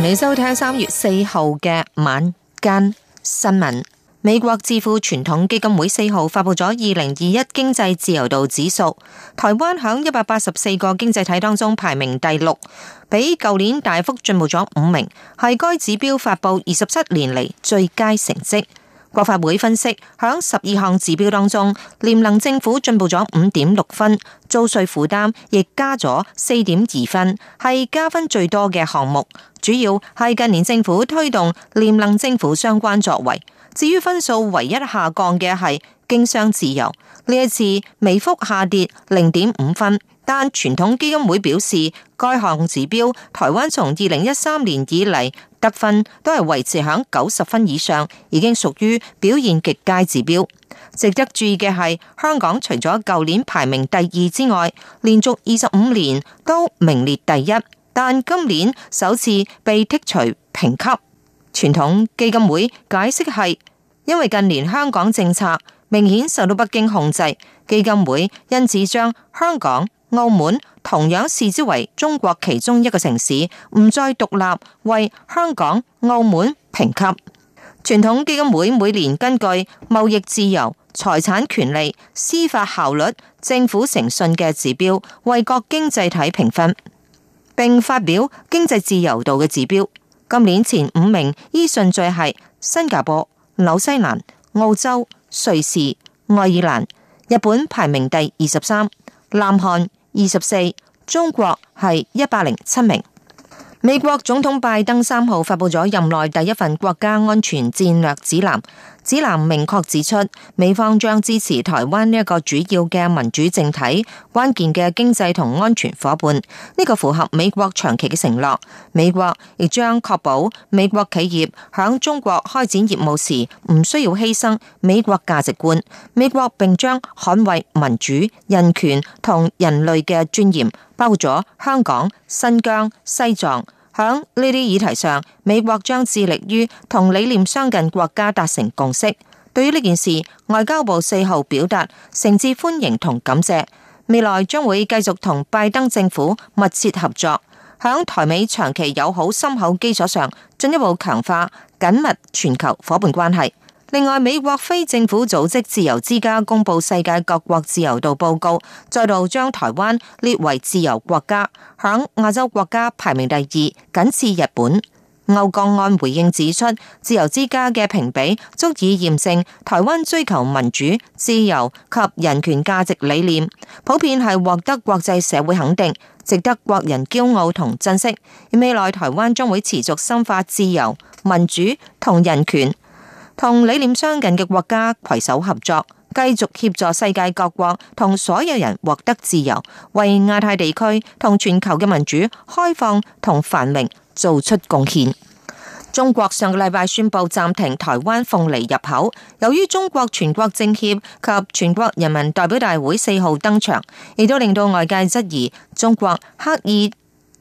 你收聽三月四號嘅晚間新聞。美國智庫傳統基金會四號發佈咗二零二一經濟自由度指數，台灣響一百八十四個經濟體當中排名第六，比舊年大幅進步咗五名，係該指標發佈二十七年嚟最佳成績。國發會分析，響十二項指標當中，廉能政府進步咗五點六分，租稅負擔亦加咗四點二分，係加分最多嘅項目，主要係近年政府推動廉能政府相關作為。至於分數唯一下降嘅係經商自由，呢一次微幅下跌零點五分。但傳統基金會表示，該項指標台灣從二零一三年以來得分都係維持喺九十分以上，已經屬於表現極佳指標。值得注意嘅係，香港除咗舊年排名第二之外，連續二十五年都名列第一，但今年首次被剔除評級。傳統基金會解釋係因為近年香港政策明顯受到北京控制，基金會因此將香港、澳門同樣視之為中國其中一個城市，唔再獨立為香港、澳門評級。傳統基金會每年根據貿易自由、財產權利、司法效率、政府誠信嘅指標，為各經濟體評分，並發表經濟自由度嘅指標。今年前五名依順序係新加坡、紐西蘭、澳洲、瑞士、愛爾蘭，日本排名第二十三，南韓。二十四，24, 中國係一百零七名。美國總統拜登三號發布咗任內第一份國家安全戰略指南，指南明確指出，美方將支持台灣呢一個主要嘅民主政體、關鍵嘅經濟同安全夥伴，呢個符合美國長期嘅承諾。美國亦將確保美國企業響中國開展業務時唔需要犧牲美國價值觀，美國並將捍衛民主、人權同人類嘅尊嚴。包括咗香港、新疆、西藏，喺呢啲議題上，美國將致力於同理念相近國家達成共識，對於呢件事，外交部四號表達誠摯歡迎同感謝，未來將會繼續同拜登政府密切合作，喺台美長期友好深厚基礎上進一步強化緊密全球伙伴關係。另外，美國非政府組織自由之家公布《世界各國自由度報告》，再度將台灣列為自由國家，響亞洲國家排名第二，僅次日本。歐江安回應指出，自由之家嘅評比足以驗證台灣追求民主、自由及人權價值理念，普遍係獲得國際社會肯定，值得國人驕傲同珍惜。未來台灣將會持續深化自由、民主同人權。同理念相近嘅國家攜手合作，繼續協助世界各國同所有人獲得自由，為亞太地區同全球嘅民主、開放同繁榮做出貢獻。中國上個禮拜宣布暫停台灣鳳梨入口，由於中國全國政協及全國人民代表大會四號登場，亦都令到外界質疑中國刻意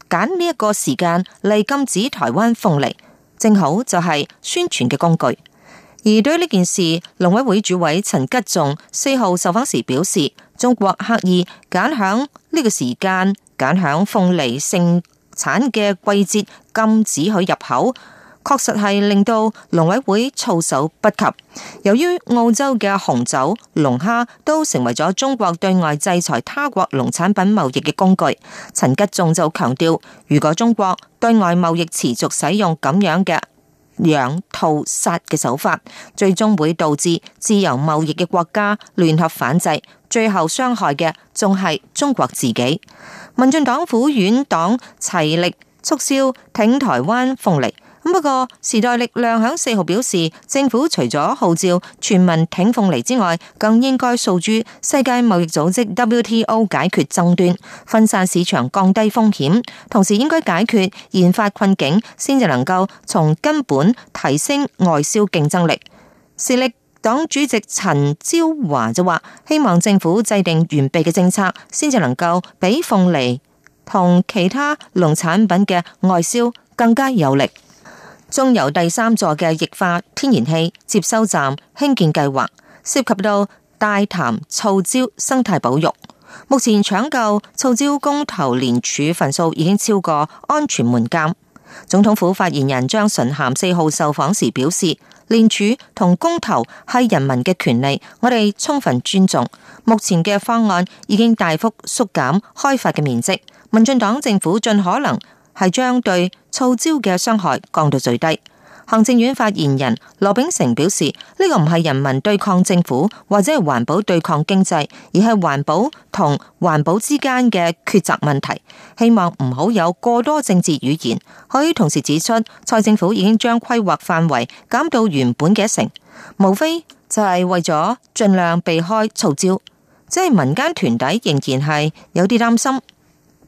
揀呢一個時間嚟禁止台灣鳳梨，正好就係宣傳嘅工具。而對呢件事，農委會主委陳吉仲四號受訪時表示，中國刻意揀喺呢個時間，揀喺鳳梨盛產嘅季節禁止佢入口，確實係令到農委會措手不及。由於澳洲嘅紅酒、龍蝦都成為咗中國對外制裁他國農產品貿易嘅工具，陳吉仲就強調，如果中國對外貿易持續使用咁樣嘅，養、套、殺嘅手法，最終會導致自由貿易嘅國家聯合反制，最後傷害嘅仲係中國自己。民進黨、府院黨齊力促銷，挺台灣鳳梨。不過時代力量響四號表示，政府除咗號召全民挺鳳梨之外，更應該訴諸世界貿易組織 WTO 解決爭端，分散市場，降低風險，同時應該解決研發困境，先至能夠從根本提升外銷競爭力。時力黨主席陳昭華就話，希望政府制定完備嘅政策，先至能夠俾鳳梨同其他農產品嘅外銷更加有力。中油第三座嘅液化天然氣接收站興建計劃，涉及到大潭藻礁生態保育。目前搶救藻礁公投連署份數已經超過安全門檻。總統府發言人張純涵四號受訪時表示，連署同公投係人民嘅權利，我哋充分尊重。目前嘅方案已經大幅縮減開發嘅面積，民進黨政府盡可能。係將對藻礁嘅傷害降到最低。行政院發言人羅秉成表示：呢個唔係人民對抗政府，或者係環保對抗經濟，而係環保同環保之間嘅抉擇問題。希望唔好有過多政治語言。可以同時指出，蔡政府已經將規劃範圍減到原本嘅一成，無非就係為咗盡量避開藻礁。即係民間團體仍然係有啲擔心。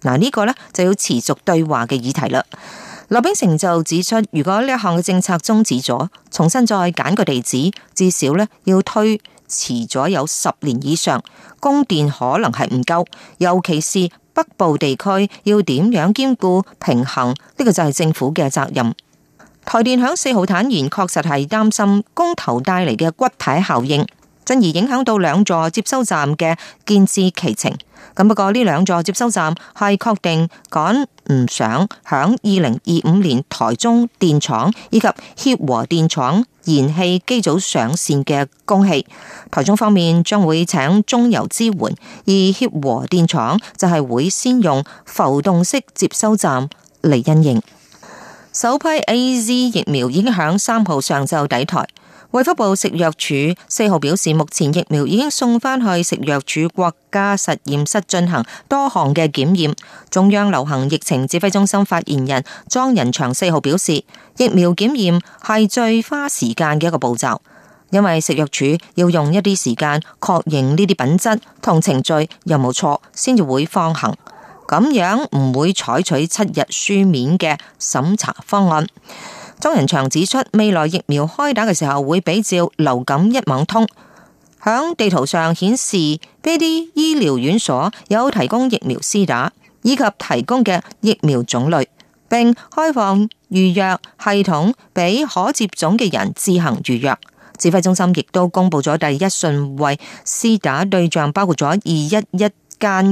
嗱，呢個呢就要持續對話嘅議題啦。劉炳成就指出，如果呢一項嘅政策終止咗，重新再揀個地址，至少呢要推遲咗有十年以上，供電可能係唔夠，尤其是北部地區，要點樣兼顧平衡？呢、這個就係政府嘅責任。台電響四號坦言，確實係擔心公投帶嚟嘅骨牌效應，進而影響到兩座接收站嘅建置期程。咁不過呢兩座接收站係確定趕唔上響二零二五年台中電廠以及協和電廠燃氣機組上線嘅供氣。台中方面將會請中油支援，而協和電廠就係會先用浮動式接收站嚟因應。首批 AZ 疫苗已經響三號上晝抵台。衛福部食藥署四號表示，目前疫苗已經送返去食藥署國家實驗室進行多項嘅檢驗。中央流行疫情指揮中心發言人莊仁祥四號表示，疫苗檢驗係最花時間嘅一個步驟，因為食藥署要用一啲時間確認呢啲品質同程序有冇錯，先至會放行。咁樣唔會採取七日書面嘅審查方案。莊仁祥指出，未來疫苗開打嘅時候會比照流感一網通，響地圖上顯示邊啲醫療院所有提供疫苗施打，以及提供嘅疫苗種類，並開放預約系統俾可接種嘅人自行預約。指揮中心亦都公布咗第一順位施打對象，包括咗二一一間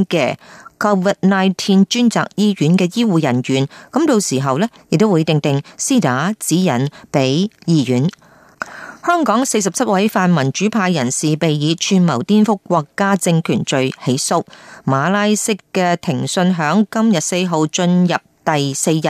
嘅。COVID-19 專責醫院嘅醫護人員，咁到時候咧，亦都會定定施打指引俾醫院。香港四十七位泛民主派人士被以串謀顛覆國家政權罪起訴。馬拉色嘅庭訊響今日四號進入，第四日，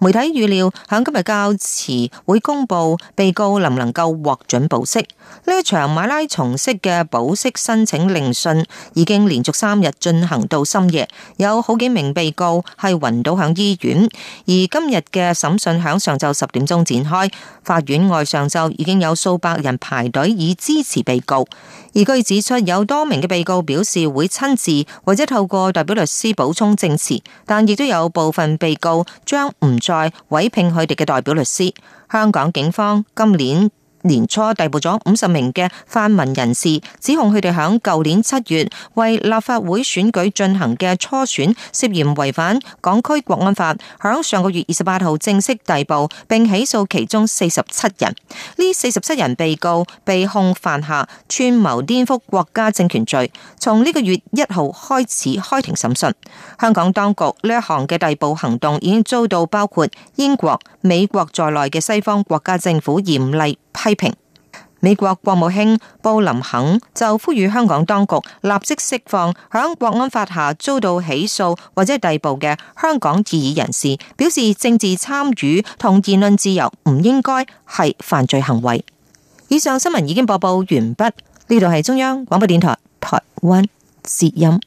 媒體預料響今日較遲會公布被告能唔能夠獲准保釋。呢一場馬拉松式嘅保釋申請聆訊已經連續三日進行到深夜，有好幾名被告係暈倒向醫院。而今日嘅審訊響上晝十點鐘展開，法院外上晝已經有數百人排隊以支持被告。而據指出，有多名嘅被告表示會親自或者透過代表律師補充證詞，但亦都有部分被告將唔再委聘佢哋嘅代表律師。香港警方今年年初逮捕咗五十名嘅泛民人士，指控佢哋響舊年七月為立法會選舉進行嘅初選涉嫌違反港區國安法，響上個月二十八號正式逮捕，並起訴其中四十七人。呢四十七人被告被控犯下串謀顛覆國家政權罪，從呢個月一號開始開庭審訊。香港當局呢一項嘅逮捕行動已經遭到包括英國、美國在內嘅西方國家政府嚴厲批。批評。美國國務卿布林肯就呼籲香港當局立即釋放響國安法下遭到起訴或者逮捕嘅香港異議人士，表示政治參與同言論自由唔應該係犯罪行為。以上新聞已經播報完畢，呢度係中央廣播電台台灣之音。